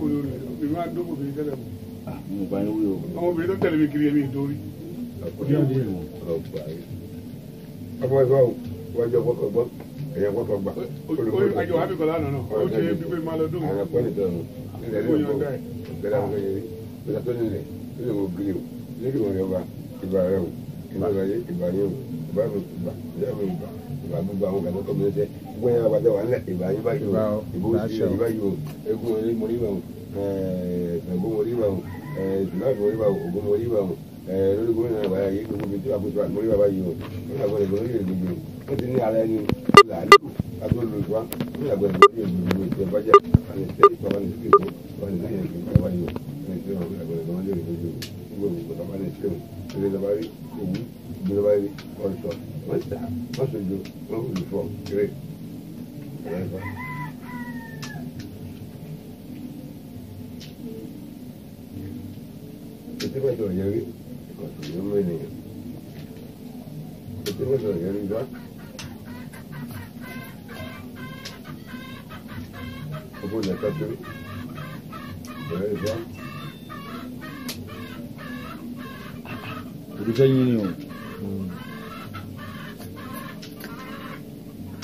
dókòwò lórí rẹ̀ obìnrin máa ń dókòwò bíi tẹ́lẹ̀ mọ́. mo bá yín wí o. àwọn obìnrin tó tẹ̀lé mi kiri ẹ̀mí ìdórí. ọkọ ìfọ wájú ọkọ ọgbọ ẹyẹ ọkọ tó gbà. àjọ wa bìkọ lánàá náà ó ṣe bí pé máa lọ dókòwò. àwọn akọ́ni tó nù ilẹ̀ ní ìgbò bẹ́ẹ̀ láwọn fẹ́ẹ́ yẹrí bẹ́ẹ̀ tó nílẹ̀ tó lè wọ gírí o lórí wọn yọba ìgbà rẹ o ìgbà rẹ ìgbà yẹ o ìgbà mi ìgbà ìgbà mi ìgbà ìgbà gbogbo àwọn gàdọ́kọ̀ mi ń sẹ́ gbọ́n yàrá bàtà wà nílẹ̀ ìbà yín bá yọ ìbò ìbò yín bá yọ egun orí mo rí bá wọn ẹ̀ẹ́dẹ̀gbọ́ mo rí bá wọn ẹ̀ẹ́dẹ̀gbọ́ mo rí bá wọn ògùn mo rí bá wọn eh, lórí gómìnà àgbà yìí gbogbo mi tí wàá kóso àgbórí bàbá yìí o ó ní àgbọ̀dẹ̀ lórí èdè gbogbo ó ti ní ara ẹni là á lò kátó lò wá ó ní àgbọ̀dẹ̀ lórí èdè gbogbo ìtẹ̀ bàjẹ́ àti ìtẹ̀ ìtọ́ wà ní ìṣèlú wà ní ìṣèlú ìṣèlú bàbá yìí o ní ìṣèlú àgbọ̀dẹ̀ lórí èdè gbogbo gbogbo ìgbò bàbá ní ìṣèlú ìṣèlú bàbá rí òwú ìṣèlú bàbá rí ọ̀ṣọ́ wọ́n ti tà wọ́n ṣojú wọ́n kò lè fọ́ kéré forever. Este cuando yo vi, cuando yo me niño, este cuando yo vi, ¿cómo le está tú? ¿Qué es eso? ¿Qué es eso?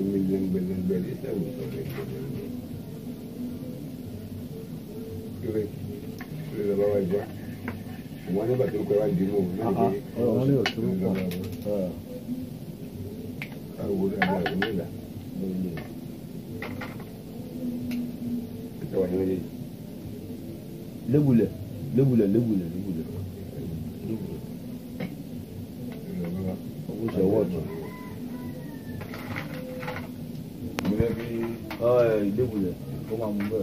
omi lẹ́ngbẹ̀lẹ́ngbẹ̀ rẹ̀ dáhùn sọ lẹ́ngbẹ̀lẹ́ngbẹ̀. kílẹ̀ kílẹ̀ lọ́wọ́ wa ìgbà àwọn nígbà tó kọ́ wa dì mọ́ ọ̀hún lè tó pọ̀ àwọn ọ̀dọ́ àwọn nílà lọ́wọ́ ẹ̀ka wà ní wọ́n yé yìí. lébùlẹ̀ lébùlẹ̀ lébùlẹ̀ Öyle bir... Ay, ne bu ya? Tamam bu.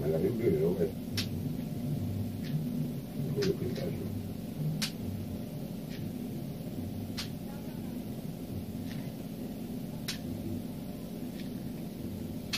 Malarim bir yol. Kuyruğun taşı.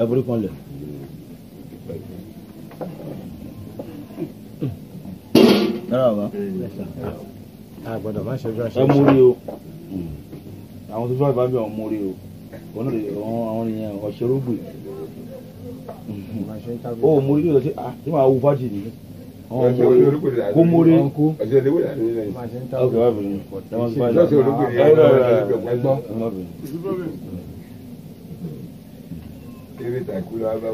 ẹbúrú kan lẹ. àgbàdo má ṣojú àṣẹ. ẹ mú rí o àwọn tó sọ́ọ́ ìbámu ọ̀hún mú rí o wọn lè àwọn èèyàn ọ̀ṣẹ́rọ́gbìn. ó mú rí o tí ah, màá wú fájì nìyí kómóré ewé tàkúrò o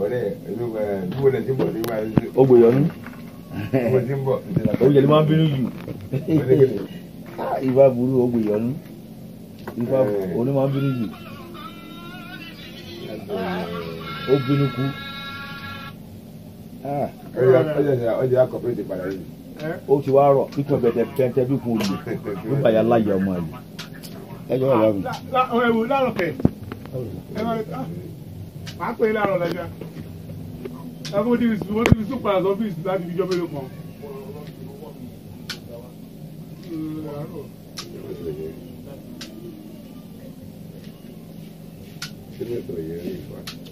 ọ̀rẹ́ ní wàá ṣe. ó gbòòyọ̀ bínú jù. ìfà burú ó gbòòyọ̀ nù. ìfà oní máa bínú jù obìnrin kú ọjà ah, akọ̀pẹ́ ti padà yìí ó ti wá rọ̀ pípọ̀ bẹ̀tẹ̀ pẹ́ntẹ́ bí kò lù nígbà yà láyà ọmọ yìí ẹ jọ wà lọ́rùn. ọ̀rọ̀ ẹ̀wò lárọ̀ kẹ̀ ẹ máa ń ta ah, máa pè é lárọ̀ lẹ́jà ẹ fún ti fi wọ́n ti fi súpà àti ọ́fíìsì láti fi jọ́ kan. Thank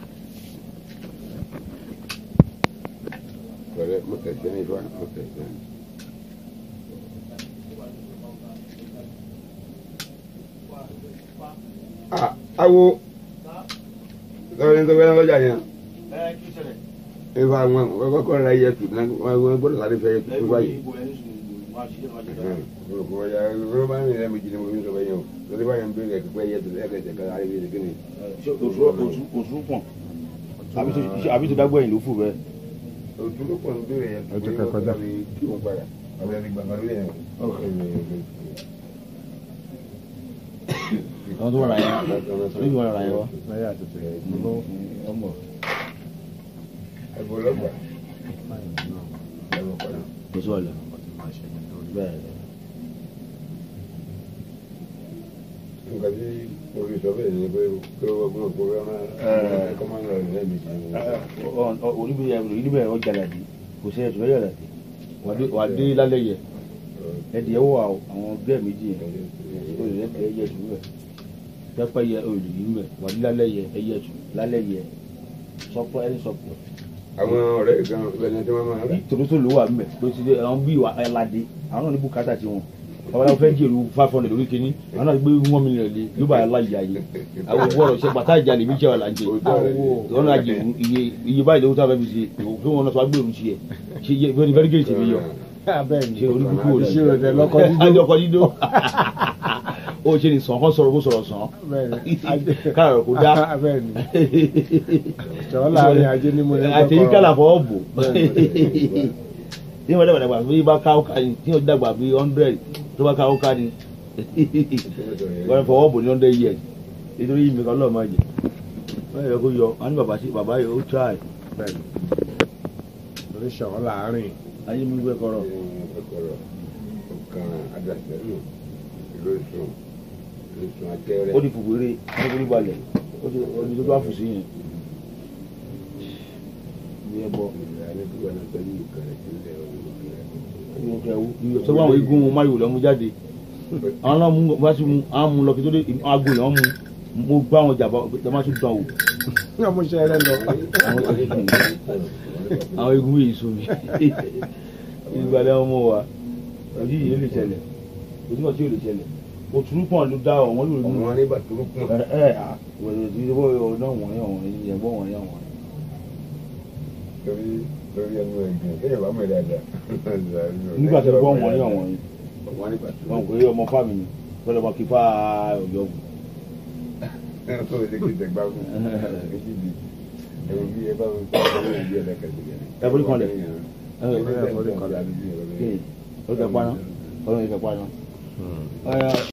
Benidorm? Okay, good. awo lọ́wọ́ ní tọ́gbẹ́ lọ́jà yẹn ìfà àwọn ọkọ̀ rẹ̀ yẹ tù náà wọ́n gbọ́dọ̀ sáré fẹ́ yẹ tù báyìí. olùkọ́ ya ló bá mi rẹ̀ mi jìnnà mi sọ bẹ́yẹn o lórí báyìí ń bèrè pípẹ́ yẹ tù lẹ́kẹ̀sẹ̀ kan àríwí ṣe kíni. oṣù pọ̀n àbí tó dágbọ́ yìí ló fò bẹ́ẹ̀ ojú ló pọ̀ ń bèrè yẹn pé wọ́n kọjá ní kí òun padà ọ̀rẹ́ ní gbàgbọ́ lórí ẹ̀ wọ́n tún wọ́n ra yẹn níbi wọ́n ra yẹn wọ́. láyé àtẹ̀tẹ̀ ẹ̀gbọ́n ló ń bọ̀. ẹ̀gbọ́n lọ́gbà. kò sí ọ̀lẹ́ bẹ́ẹ̀ ni. nǹkan tí mo fi sọ bẹ́ẹ̀ ni pé pé ó gbọ́n kó rẹ́ máa kọ́ o ń é o mi. oníbẹ̀ oníbẹ̀ ọjà làdí kò sí ẹ̀sùn lọ́yà làdí wà é de lálẹ́ yẹ ẹ̀dì ẹ̀wọ̀ àwọn gẹ́ẹ̀ méjì yẹn olùrẹ́ kẹ́ ẹ̀yẹ ẹ̀sùn bẹ̀ pẹ́pẹ́ yẹ olùyí bẹ̀ wà á dé lálẹ́ yẹ ẹ̀yẹ ẹ̀sùn lálẹ́ yẹ sọpọ̀ ẹ̀rí sọpọ̀. àwọn ọ̀rẹ́ ìgbà bẹ̀rẹ̀ tí wọ́n máa rẹ̀. tòlótòló wà ń bẹ̀ ló ti dé àwọn bíi ẹ̀ladé àwọn náà ní bùkátà tiwọn àwọn aláwọ fẹẹ jèrò five hundred lórí kìíní àwọn náà gbé one million lé yóò bá yà láyé ayé àwọn wọrọ ṣe bàtà ìjàlè méjì àwọn làǹjẹ wọn náà jèrò iye iye báyìí lówó tó abẹ́ mi ṣe kí wọn náà tó agbèrò ṣe yẹ ṣe yẹ fẹ́ẹ́ fẹ́ẹ́ gèrè tèmi yọ ṣe orí kúkú rẹ ṣe lọkọ dídó o ṣe ní sàn kán sọ̀rọ̀ kó sọ̀rọ̀ sàn kára rẹ kó dá àtẹyí kálà fọwọ́ bò tí wọ́n dàgbà bí bá ká ọkà ni tí wọ́n dàgbà bí hundred tó bá ká ọkà ni wọ́n bò ní hundred years nítorí yìí mi kan lọ́ọ̀ máa jẹ wọ́n yẹ kó yọ wọ́n ní bàbá sí bàbá yẹ ó try. lórí sọ̀rọ̀ láàárín. ayé mi gbẹ kọrọ. ọkàn adàsẹ́nu lóṣù lóṣù àtẹrẹ. ó di fùgbére ó di balẹ̀ ó di tó bá fò sí yẹn sọ fún àwọn igun mayo lọ́mú jáde àwọn náà mú wá sí mu àwọn mú lọ kí tó dé agbo yẹn wọ́n mú mo gbá àwọn jàmbá jàmbá tó dán o. ní àwọn iṣẹ́ rẹ lọ. àwọn igun yìí sọ mi ìgbàlẹ̀ ọmọ wa òjì yìí lè ṣẹlẹ̀ òjì kan tí lè ṣẹlẹ̀ òtúrúpọ̀n ló dá ọ̀wọ́n lórí mi. ọ̀wọ́n nígbà tó ẹ ẹ wẹ̀rẹ̀ tí wọ́n yọ náà wọ̀nyí ọ̀wọ́n yẹn lórí ẹnu ẹgbẹ́ kéèyàn bá mọ̀ dáadáa. nígbà tó gbọ́ wọn ní ọ̀wọ́n yìí wọn kò rí ọmọ fáàmì ni wọ́n lọ́mọ kí fáà ọ̀yọ́ wù. ó lè kí tẹ̀gbá kù èjì bì ẹ̀rù bí ẹ bá wọn kí wọ́n lè bí ẹ̀dá kẹ̀kẹ́ yẹn. ẹ̀fọ́rí kan lẹ̀ ẹ̀fọ́rí kan lẹ̀ ó tẹ̀ pa náà ọlọ́run ìfẹ́ pa náà.